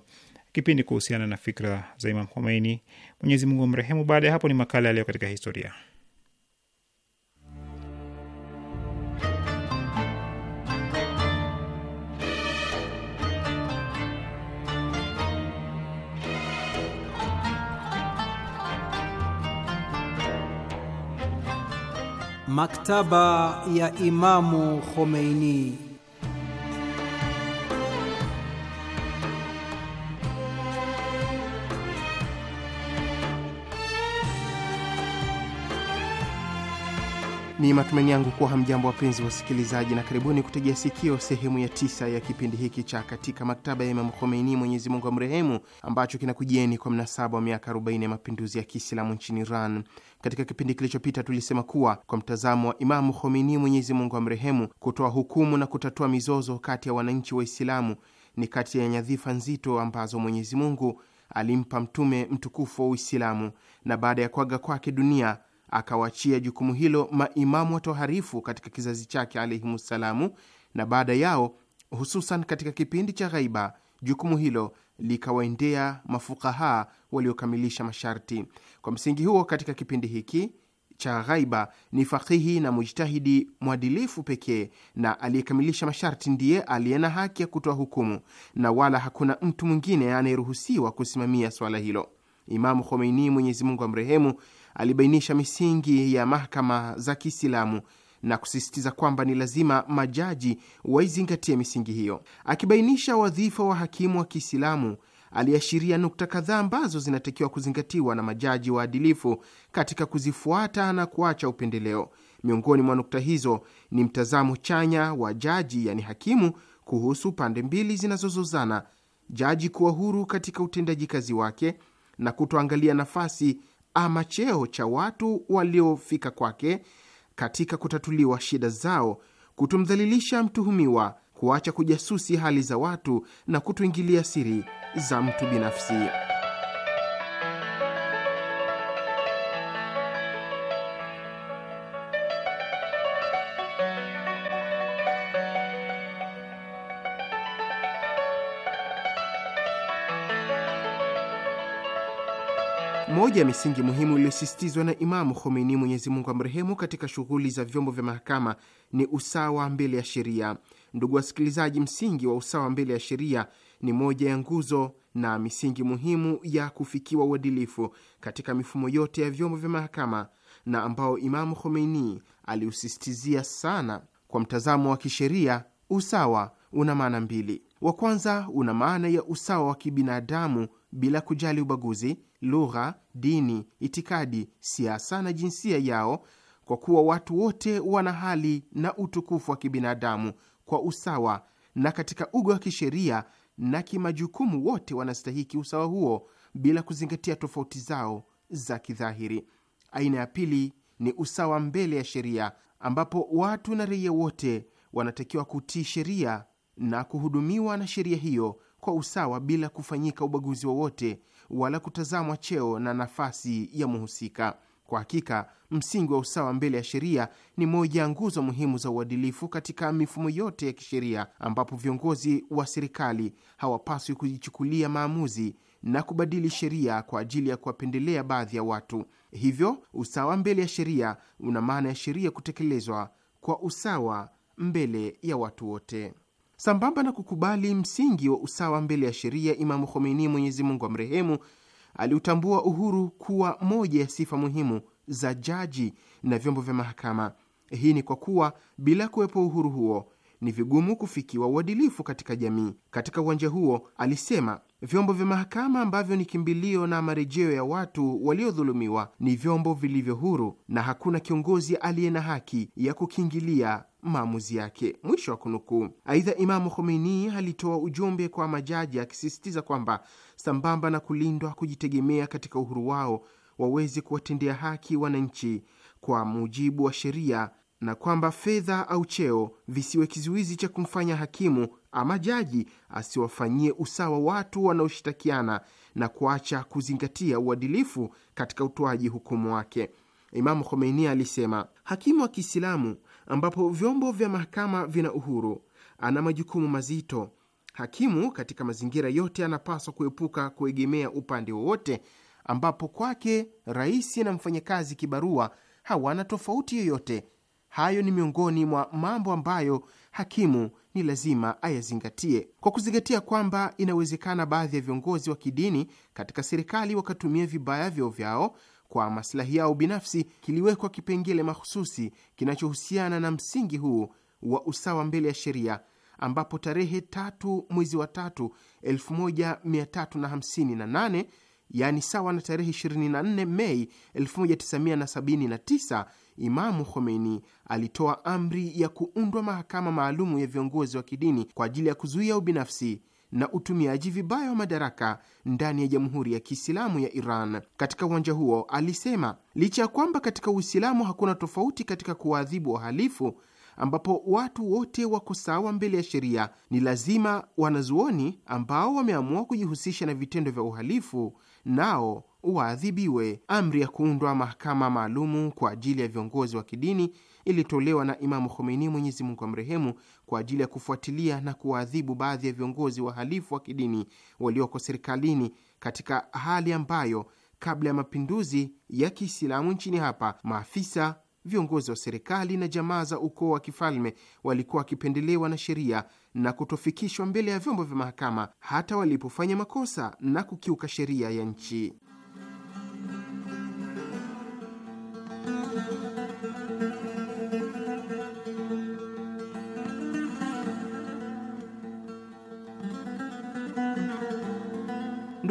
kipindi kuhusiana na fikra za Imam Khomeini, Mwenyezi Mungu wa mrehemu. Baada ya hapo ni makala yaliyo katika historia Maktaba ya Imamu Khomeini. Ni matumaini yangu kuwa hamjambo wapenzi wasikilizaji, na karibuni kutegea sikio sehemu ya tisa ya kipindi hiki cha katika maktaba ya Imamu Khomeini, Mwenyezi Mungu amrehemu, ambacho kinakujieni kwa mnasaba wa miaka 40 ya mapinduzi ya Kiislamu nchini Iran. Katika kipindi kilichopita tulisema kuwa kwa mtazamo wa Imamu Khomeini, Mwenyezi Mungu amrehemu, kutoa hukumu na kutatua mizozo kati ya wananchi Waislamu ni kati ya nyadhifa nzito ambazo Mwenyezi Mungu alimpa mtume mtukufu wa Uislamu, na baada ya kuaga kwake dunia akawachia jukumu hilo maimamu watoharifu katika kizazi chake alaihimussalamu, na baada yao, hususan katika kipindi cha ghaiba, jukumu hilo likawaendea mafukaha waliokamilisha masharti. Kwa msingi huo, katika kipindi hiki cha ghaiba ni fakihi na mujtahidi mwadilifu pekee na aliyekamilisha masharti ndiye aliye na haki ya kutoa hukumu, na wala hakuna mtu mwingine anayeruhusiwa kusimamia swala hilo. Imamu Khomeini, Mwenyezi Mungu amrehemu, alibainisha misingi ya mahakama za Kiislamu na kusisitiza kwamba ni lazima majaji waizingatie misingi hiyo. Akibainisha wadhifa wa hakimu wa Kiislamu, aliashiria nukta kadhaa ambazo zinatakiwa kuzingatiwa na majaji waadilifu katika kuzifuata na kuacha upendeleo. Miongoni mwa nukta hizo ni mtazamo chanya wa jaji, yani hakimu, kuhusu pande mbili zinazozozana, jaji kuwa huru katika utendaji kazi wake na kutoangalia nafasi ama cheo cha watu waliofika kwake katika kutatuliwa shida zao, kutomdhalilisha mtuhumiwa, kuacha kujasusi hali za watu na kutuingilia siri za mtu binafsi. Moja ya misingi muhimu iliyosisitizwa na Imamu Khomeini, Mwenyezi Mungu amrehemu, katika shughuli za vyombo vya mahakama ni usawa mbele ya sheria. Ndugu wasikilizaji, msingi wa usawa mbele ya sheria ni moja ya nguzo na misingi muhimu ya kufikiwa uadilifu katika mifumo yote ya vyombo vya mahakama na ambao Imamu Khomeini aliusisitizia sana. Kwa mtazamo wa kisheria, usawa una maana mbili. Wa kwanza una maana ya usawa wa kibinadamu bila kujali ubaguzi, lugha, dini, itikadi, siasa na jinsia yao, kwa kuwa watu wote wana hali na utukufu wa kibinadamu kwa usawa, na katika uga wa kisheria na kimajukumu wote wanastahiki usawa huo bila kuzingatia tofauti zao za kidhahiri. Aina ya pili ni usawa mbele ya sheria, ambapo watu na raia wote wanatakiwa kutii sheria na kuhudumiwa na sheria hiyo kwa usawa bila kufanyika ubaguzi wowote wa wala kutazamwa cheo na nafasi ya mhusika. Kwa hakika msingi wa usawa mbele ya sheria ni moja ya nguzo muhimu za uadilifu katika mifumo yote ya kisheria, ambapo viongozi wa serikali hawapaswi kujichukulia maamuzi na kubadili sheria kwa ajili ya kuwapendelea baadhi ya watu. Hivyo, usawa mbele ya sheria una maana ya sheria kutekelezwa kwa usawa mbele ya watu wote sambamba na kukubali msingi wa usawa mbele ya sheria. Imamu Khomeini, Mwenyezi Mungu amrehemu, aliutambua uhuru kuwa moja ya sifa muhimu za jaji na vyombo vya mahakama. Hii ni kwa kuwa bila kuwepo uhuru huo ni vigumu kufikiwa uadilifu katika jamii. Katika uwanja huo, alisema vyombo vya mahakama ambavyo ni kimbilio na marejeo ya watu waliodhulumiwa ni vyombo vilivyo huru na hakuna kiongozi aliye na haki ya kukiingilia maamuzi yake. Mwisho wa kunukuu. Aidha, Imamu Khomeini alitoa ujumbe kwa majaji akisisitiza kwamba sambamba na kulindwa kujitegemea katika uhuru wao, waweze kuwatendea haki wananchi kwa mujibu wa sheria na kwamba fedha au cheo visiwe kizuizi cha kumfanya hakimu ama jaji asiwafanyie usawa watu wanaoshitakiana na kuacha kuzingatia uadilifu katika utoaji hukumu wake. Imamu Khomeini alisema, hakimu wa Kiislamu ambapo vyombo vya mahakama vina uhuru, ana majukumu mazito. Hakimu katika mazingira yote anapaswa kuepuka kuegemea upande wowote, ambapo kwake rais na mfanyakazi kibarua hawana tofauti yoyote. Hayo ni miongoni mwa mambo ambayo hakimu ni lazima ayazingatie, kwa kuzingatia kwamba inawezekana baadhi ya viongozi wa kidini katika serikali wakatumia vibaya vyeo vyao kwa masilahi yao binafsi, kiliwekwa kipengele mahususi kinachohusiana na msingi huu wa usawa mbele ya sheria, ambapo tarehe tatu mwezi wa tatu 1358 yaani sawa na tarehe 24 Mei 1979 Imamu Khomeini alitoa amri ya kuundwa mahakama maalumu ya viongozi wa kidini kwa ajili ya kuzuia ubinafsi na utumiaji vibaya wa madaraka ndani ya Jamhuri ya Kiislamu ya Iran. Katika uwanja huo alisema, licha ya kwamba katika Uislamu hakuna tofauti katika kuwaadhibu wahalifu, ambapo watu wote wako sawa mbele ya sheria, ni lazima wanazuoni ambao wameamua kujihusisha na vitendo vya uhalifu nao waadhibiwe. Amri ya kuundwa mahakama maalumu kwa ajili ya viongozi wa kidini ilitolewa na Imamu Khomeini, Mwenyezi Mungu amrehemu, kwa ajili ya kufuatilia na kuwaadhibu baadhi ya viongozi wahalifu wa kidini walioko serikalini katika hali ambayo kabla ya mapinduzi ya Kiislamu nchini hapa maafisa viongozi wa serikali na jamaa za ukoo wa kifalme walikuwa wakipendelewa na sheria na kutofikishwa mbele ya vyombo vya mahakama hata walipofanya makosa na kukiuka sheria ya nchi.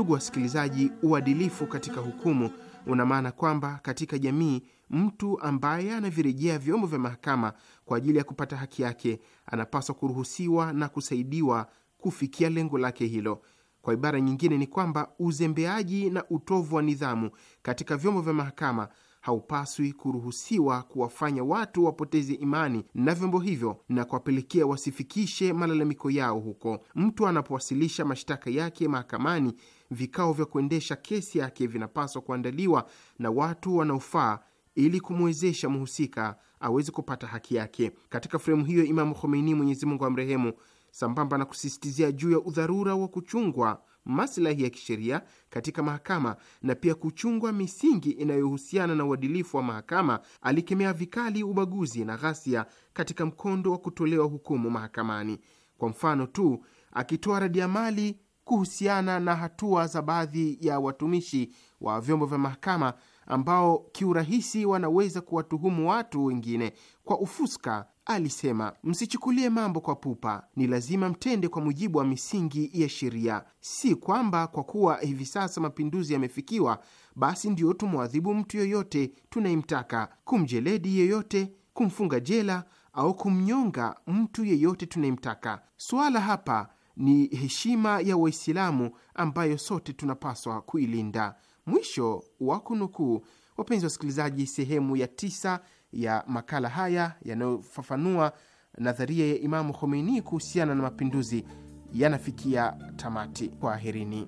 Ndugu wasikilizaji, uadilifu katika hukumu una maana kwamba katika jamii, mtu ambaye anavirejea vyombo vya mahakama kwa ajili ya kupata haki yake anapaswa kuruhusiwa na kusaidiwa kufikia lengo lake hilo. Kwa ibara nyingine, ni kwamba uzembeaji na utovu wa nidhamu katika vyombo vya mahakama haupaswi kuruhusiwa kuwafanya watu wapoteze imani na vyombo hivyo na kuwapelekea wasifikishe malalamiko yao huko. Mtu anapowasilisha mashtaka yake mahakamani, vikao vya kuendesha kesi yake vinapaswa kuandaliwa na watu wanaofaa ili kumwezesha mhusika aweze kupata haki yake. Katika fremu hiyo, Imamu Khomeini, Mwenyezi Mungu amrehemu, sambamba na kusisitizia juu ya udharura wa kuchungwa maslahi ya kisheria katika mahakama na pia kuchungwa misingi inayohusiana na uadilifu wa mahakama. Alikemea vikali ubaguzi na ghasia katika mkondo wa kutolewa hukumu mahakamani, kwa mfano tu akitoa radiamali kuhusiana na hatua za baadhi ya watumishi wa vyombo vya mahakama ambao kiurahisi wanaweza kuwatuhumu watu wengine kwa ufuska. Alisema, msichukulie mambo kwa pupa, ni lazima mtende kwa mujibu wa misingi ya sheria, si kwamba kwa kuwa hivi sasa mapinduzi yamefikiwa, basi ndiyo tumwadhibu mtu yoyote tunayemtaka, kumjeledi yeyote, kumfunga jela au kumnyonga mtu yeyote tunayemtaka. Suala hapa ni heshima ya Waislamu ambayo sote tunapaswa kuilinda. Mwisho wa kunukuu. Wapenzi wasikilizaji, sehemu ya tisa ya makala haya yanayofafanua nadharia ya Imamu Khomeini kuhusiana na mapinduzi yanafikia tamati. Kwaherini.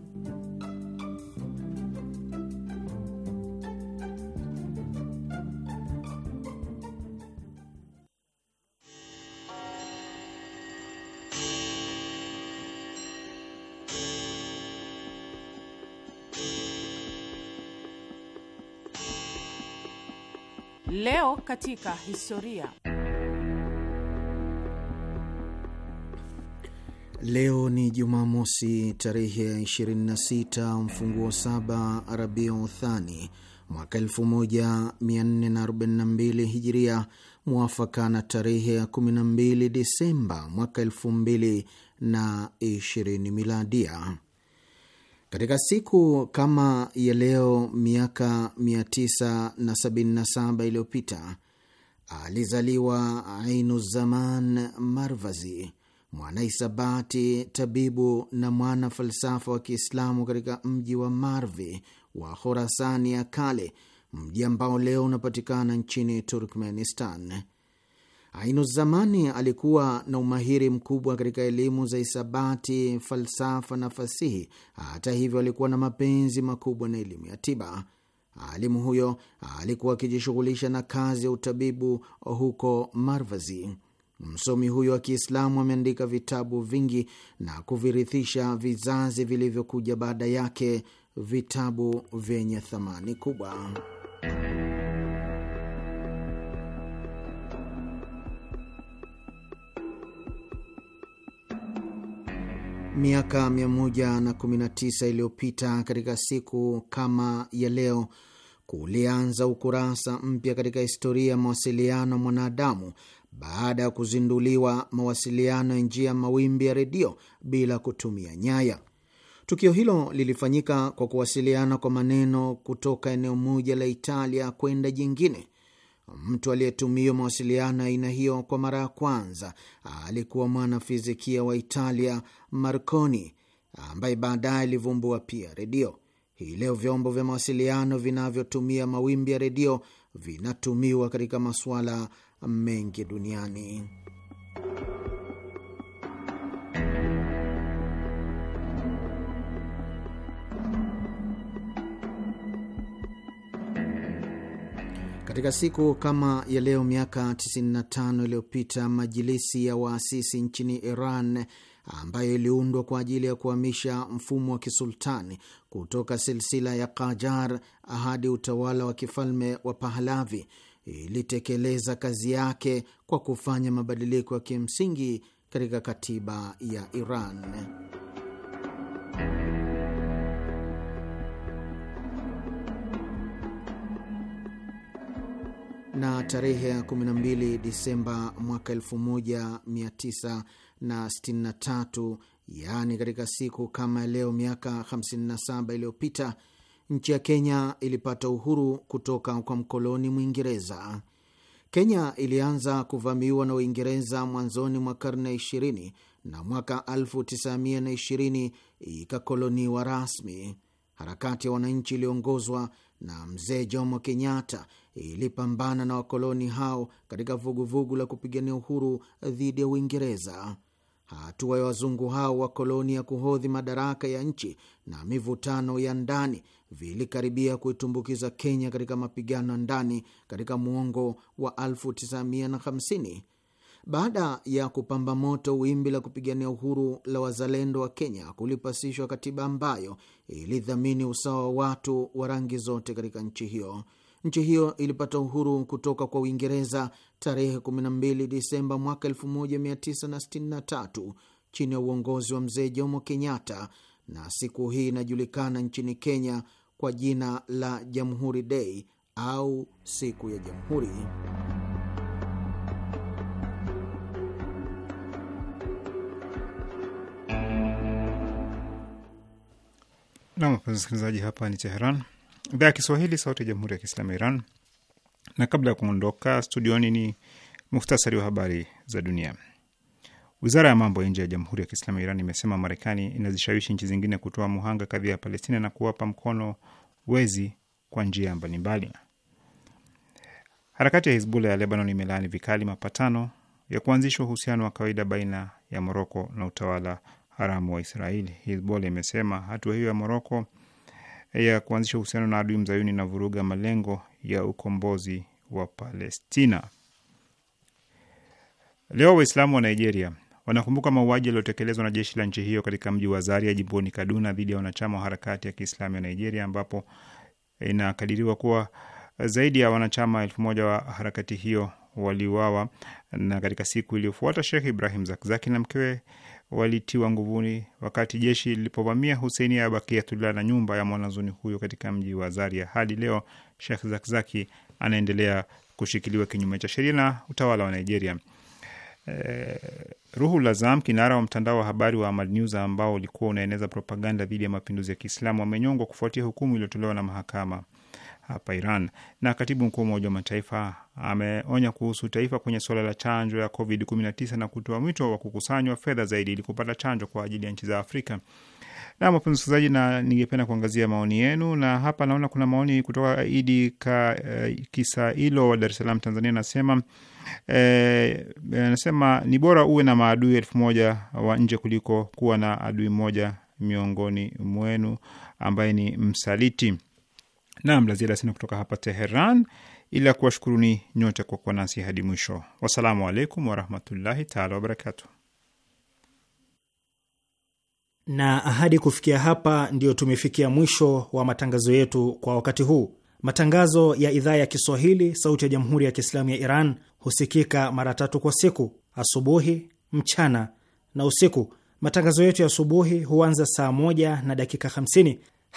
Leo katika historia. Leo ni Jumamosi tarehe 26 mfunguo saba Rabiu Thani mwaka 1442 Hijiria, mwafaka na tarehe ya 12 Disemba mwaka 2020 Miladia. Katika siku kama ya leo miaka 977 iliyopita alizaliwa Ainu Zaman Marvazi, mwanahisabati, tabibu na mwana falsafa wa Kiislamu katika mji wa Marvi wa Khorasani ya kale, mji ambao leo unapatikana nchini Turkmenistan. Ainuzamani alikuwa na umahiri mkubwa katika elimu za hisabati, falsafa na fasihi. Hata hivyo, alikuwa na mapenzi makubwa na elimu ya tiba. Alimu huyo alikuwa akijishughulisha na kazi ya utabibu huko Marvazi. Msomi huyo wa Kiislamu ameandika vitabu vingi na kuvirithisha vizazi vilivyokuja baada yake, vitabu vyenye thamani kubwa. Miaka 119 iliyopita katika siku kama ya leo kulianza ukurasa mpya katika historia ya mawasiliano ya mwanadamu baada ya kuzinduliwa mawasiliano ya njia mawimbi ya redio bila kutumia nyaya. Tukio hilo lilifanyika kwa kuwasiliana kwa maneno kutoka eneo moja la Italia kwenda jingine Mtu aliyetumia mawasiliano aina hiyo kwa mara ya kwanza alikuwa mwanafizikia wa Italia Marconi, ambaye baadaye alivumbua pia redio. Hii leo vyombo vya mawasiliano vinavyotumia mawimbi ya redio vinatumiwa katika masuala mengi duniani. Katika siku kama ya leo miaka 95 iliyopita majilisi ya waasisi nchini Iran ambayo iliundwa kwa ajili ya kuhamisha mfumo wa kisultani kutoka silsila ya Qajar hadi utawala wa kifalme wa Pahlavi ilitekeleza kazi yake kwa kufanya mabadiliko ya kimsingi katika katiba ya Iran. na tarehe ya 12 Disemba mwaka 1963, yaani katika siku kama leo miaka 57 iliyopita, nchi ya Kenya ilipata uhuru kutoka kwa mkoloni Mwingereza. Kenya ilianza kuvamiwa na Uingereza mwanzoni mwa karne 20 na mwaka 1920 ikakoloniwa rasmi. Harakati ya wananchi iliongozwa na mzee Jomo Kenyatta ilipambana na wakoloni hao katika vuguvugu la kupigania uhuru dhidi ya Uingereza. Hatua ya wazungu hao wakoloni ya kuhodhi madaraka ya nchi na mivutano ya ndani vilikaribia kuitumbukiza Kenya katika mapigano ya ndani katika muongo wa 1950. Baada ya kupamba moto wimbi la kupigania uhuru la wazalendo wa Kenya, kulipasishwa katiba ambayo ilidhamini usawa wa watu wa rangi zote katika nchi hiyo. Nchi hiyo ilipata uhuru kutoka kwa Uingereza tarehe 12 Disemba mwaka 1963 chini ya uongozi wa mzee Jomo Kenyatta, na siku hii inajulikana nchini Kenya kwa jina la Jamhuri Day au siku ya Jamhuri. Nam, msikilizaji, hapa ni Teheran idhaa ya Kiswahili, sauti ya jamhuri ya kiislamu ya Iran. Na kabla ya kuondoka studioni, ni muhtasari wa habari za dunia. Wizara ya mambo ya nje ya jamhuri ya kiislamu ya Iran imesema Marekani inazishawishi nchi zingine kutoa muhanga kadhia ya Palestina na kuwapa mkono wezi kwa njia mbalimbali. Harakati ya Hizbullah ya Lebanon imelaani vikali mapatano ya kuanzishwa uhusiano wa kawaida baina ya Moroko na utawala haramu wa Israeli. Hizbullah imesema hatua hiyo ya Moroko ya kuanzisha uhusiano na adui mzayuni na vuruga malengo ya ukombozi wa Palestina. Leo Waislamu wa Nigeria wanakumbuka mauaji yaliyotekelezwa na jeshi la nchi hiyo katika mji wa Zaria jimboni Kaduna dhidi ya wanachama wa harakati ya Kiislamu ya Nigeria, ambapo inakadiriwa kuwa zaidi ya wanachama elfu moja wa harakati hiyo waliuawa. Na katika siku iliyofuata Shekh Ibrahim Zakzaki na mkewe walitiwa nguvuni wakati jeshi lilipovamia Huseini ya Bakiatullah na nyumba ya mwanazuni huyo katika mji wa Zaria. Hadi leo shekh Zakzaki anaendelea kushikiliwa kinyume cha sheria na utawala wa Nigeria. Eh, Ruhullah Azam, kinara wa mtandao wa habari wa Amal News ambao ulikuwa unaeneza propaganda dhidi ya mapinduzi ya Kiislamu, amenyongwa kufuatia hukumu iliyotolewa na mahakama hapa Iran. Na katibu mkuu wa Umoja wa Mataifa ameonya kuhusu taifa kwenye suala la chanjo ya COVID-19 na kutoa mwito wa kukusanywa fedha zaidi ili kupata chanjo kwa ajili ya nchi za Afrika. Na wapenzi wasikilizaji, na ningependa kuangazia maoni yenu, na hapa naona kuna maoni kutoka Idi ka, kisa eh, Kisailo wa Dar es Salaam, Tanzania, anasema eh, anasema ni bora uwe na maadui elfu moja wa nje kuliko kuwa na adui mmoja miongoni mwenu ambaye ni msaliti. Naam, la ziada sina kutoka hapa Teheran ila kuwashukuruni nyote kwa kuwa nasi hadi mwisho. Wassalamu alaikum warahmatullahi taala wabarakatu. Na ahadi kufikia hapa, ndiyo tumefikia mwisho wa matangazo yetu kwa wakati huu. Matangazo ya idhaa ya Kiswahili sauti ya jamhuri ya Kiislamu ya Iran husikika mara tatu kwa siku: asubuhi, mchana na usiku. Matangazo yetu ya asubuhi huanza saa moja na dakika 50